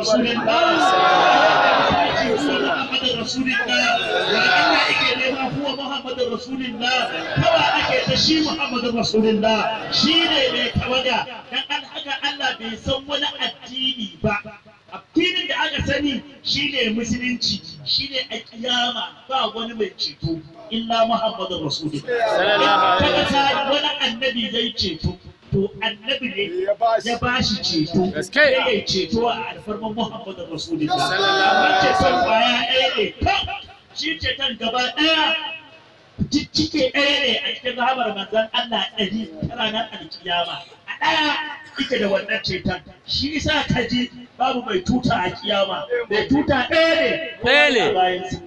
رسول الله محمد رسول الله وكما ake nema huwa Muhammad رسول الله kawa ake ta shi Muhammad رسول الله shine mai tawaga dan alhaga Allah bai san wani addini ba addinin da aka sani shine musulunci shine a kiyama ba wani mai ceto illa Muhammad رسول الله kaga wani annabi zai ceto to annabi ne ya ba shi ceto ya yi ceto a alfarman muhammadu rasulullah ba ceton baya ɗaya ne kan shi ceton gaba ɗaya cikin ɗaya ne a cikin rahamar manzan Allah ɗari tana nan alkiyama a ɗaya ita da wannan ceton shi ka ji babu mai tuta a kiyama mai tuta ɗaya ne ɗaya ne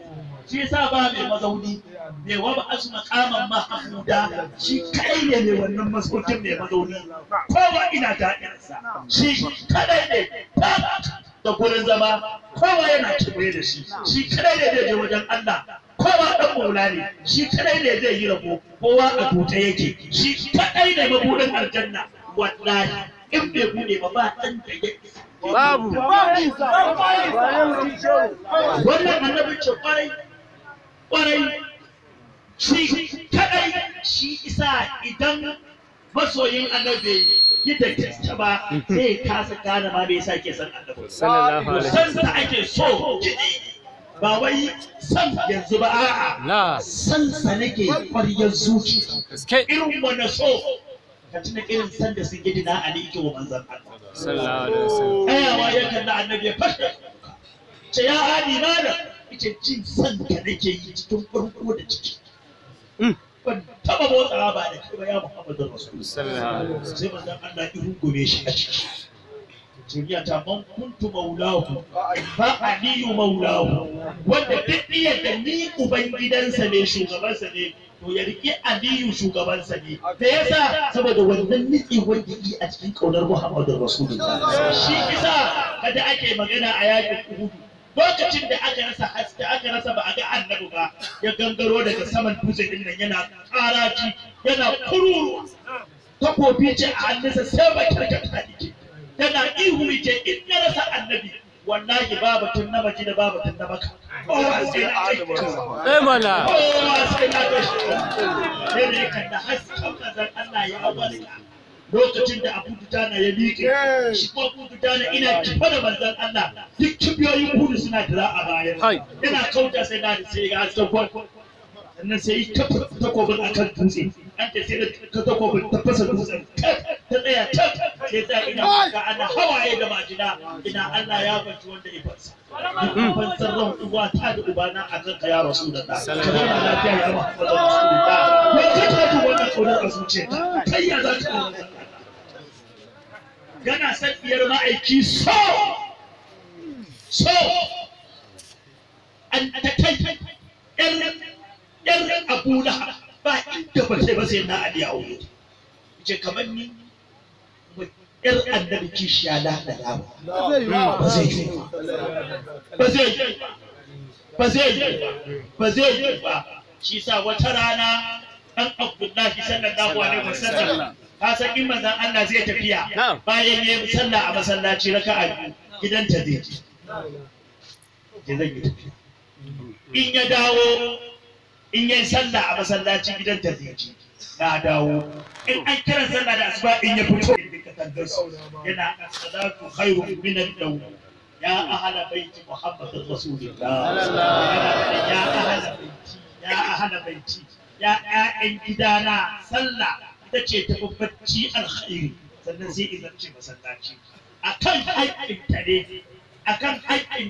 shi yasa ba mai mazauni mai waba asu makaman mahamuda shi kai ne mai wannan masaukin mai mazauni Ko ba ina daɗinsa shi kadai ne da gurin zama kowa yana kewaye da shi shi kadai ne zai je wajen Allah kowa dan maula ne shi kadai ne zai yi rabo kowa a tuta yake shi kadai ne mabudin aljanna wallahi in bai bude ba ba dan da ya babu wannan annabin ce kwarai kwarai shi kadai shi isa idan masoyin annabi yi da kyasta ba zai kasa gane ma me yasa ke san annabi san da ake so kiɗi ba wai san yanzu ba a'a san sa nake ƙwaryar zuci irin wanda so ka tuna irin san da sun gidi na ali ke wa manzan Allah tsayawa ya na annabi ya fashe ce ya ali malam ce jin san ka nake yi cikin farko da ciki mm. ban taɓa motsawa ba da kai ba Muhammadu Rasulullah sai manzon Allah ya rungume shi a ciki duniya ta man kuntu maulahu aliyu maulahu wanda duk iya da ni uban ne shugabansa ne to ya riƙe aliyu shugabansa ne da yasa saboda wannan nitsi wanda yi a cikin ƙaunar muhammadu rasulullah shi kisa kada ake magana a yakin uhudu lokacin da aka rasa haske aka rasa ba a ga annabi ba ya gangaro daga saman dutse din nan yana karaji yana kururuwa takobi ce a hannunsa sai ba kirkata ke yana ihu ce in na rasa annabi wallahi babatun na baki da babatun na baka kowa sai na kai kowa na kai ne kan da hasken manzon Allah ya abarka lokacin da abu na ya miƙe shi ko abu dutana ina kifa da manzan Allah duk kibiyoyin kudu suna dira a bayan ina kauta sai na sai ga asabon sannan sai ta takobin akan dutse an ta sai ta takobin ta fasa dutse ta tsaya ta sai ta ina ga ana hawaye da majina ina Allah ya banci wanda ya fansa fansar ran uwa ta da ubana a kan kaya rasu da ta kana lafiya ya ba ka da da ta ne ka ta wannan tsoron a zuciyarta kai ya za ka yana son diyar ma'aiki so so an ta kai yar yar abu da ba inda ba sai ba sai na adiya wuri ce kamar ni yar annabi ya da da ba ba zai yi ba zai yi ba zai yi ba zai yi ba shi sa wata rana dan abdullahi sallallahu alaihi wasallam ka san in manzon Allah zai tafiya bayan ya sallah a masallaci ka'a gidan ta zai je ya zai tafiya in ya dawo in ya sallah a masallaci gidan ta zai je na dawo in an kira sallah da asuba in ya fito yana as-salatu khairu min ad-dawm ya ahla Muhammadu muhammadin rasulillah ya ahla baiti ya ahla baiti ya ƴaƴan gidana sallah ita ce ta babbaci alkhairi sannan sai idan ce masallaci akan haƙƙin ta ne akan haƙƙin